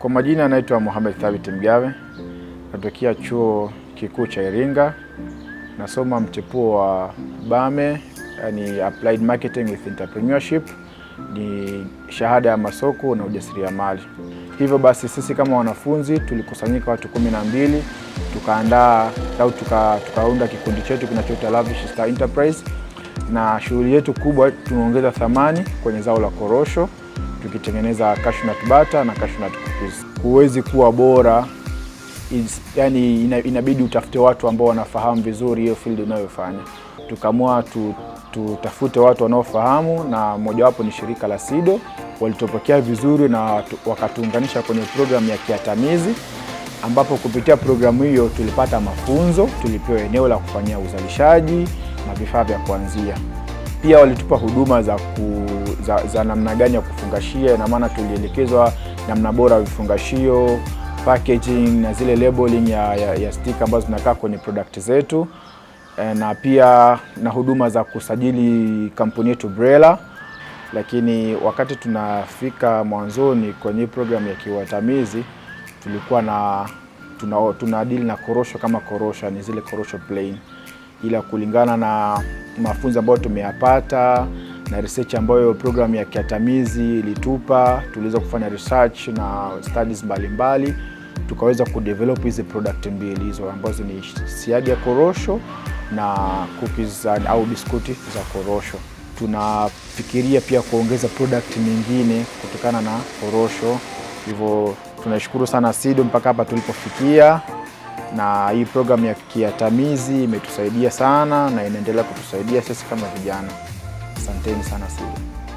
Kwa majina anaitwa Mohamed Thabit Mgawe, natokea chuo kikuu cha Iringa, nasoma mtepuo wa BAME, yani Applied Marketing with Entrepreneurship, ni shahada ya masoko na ujasiriamali. Hivyo basi sisi kama wanafunzi tulikusanyika watu kumi na mbili tukaandaa au tuka, tukaunda kikundi chetu kinachoitwa Lavish Star Enterprise, na shughuli yetu kubwa tunaongeza thamani kwenye zao la korosho tukitengeneza cashew butter na cashew cookies. Huwezi kuwa bora is, yani inabidi utafute watu ambao wanafahamu vizuri hiyo field unayofanya. Tukaamua tutafute watu wanaofahamu na mojawapo ni shirika la SIDO walitopokea vizuri na wakatuunganisha kwenye programu ya kiatamizi ambapo kupitia programu hiyo tulipata mafunzo, tulipewa eneo la kufanyia uzalishaji na vifaa vya kuanzia. Pia walitupa huduma za, ku, za, za namna gani ya kufungashia, ina maana tulielekezwa namna bora ya vifungashio packaging na zile labeling ya, ya, ya stika ambazo zinakaa kwenye product zetu e, na pia na huduma za kusajili kampuni yetu BRELA. Lakini wakati tunafika mwanzoni kwenye programu ya kiwatamizi tulikuwa na tuna, tuna deal na korosho kama korosho, ni zile korosho plain, ila kulingana na mafunzo ambayo tumeyapata na research ambayo programu ya kiatamizi ilitupa, tuliweza kufanya research na studies mbalimbali tukaweza kudevelop hizi product mbili hizo ambazo ni siagi ya korosho na cookies au biskuti za korosho. Tunafikiria pia kuongeza product nyingine kutokana na korosho, hivyo tunashukuru sana SIDO mpaka hapa tulipofikia na hii programu ya kiatamizi imetusaidia sana na inaendelea kutusaidia sisi kama vijana. Asanteni sana sana.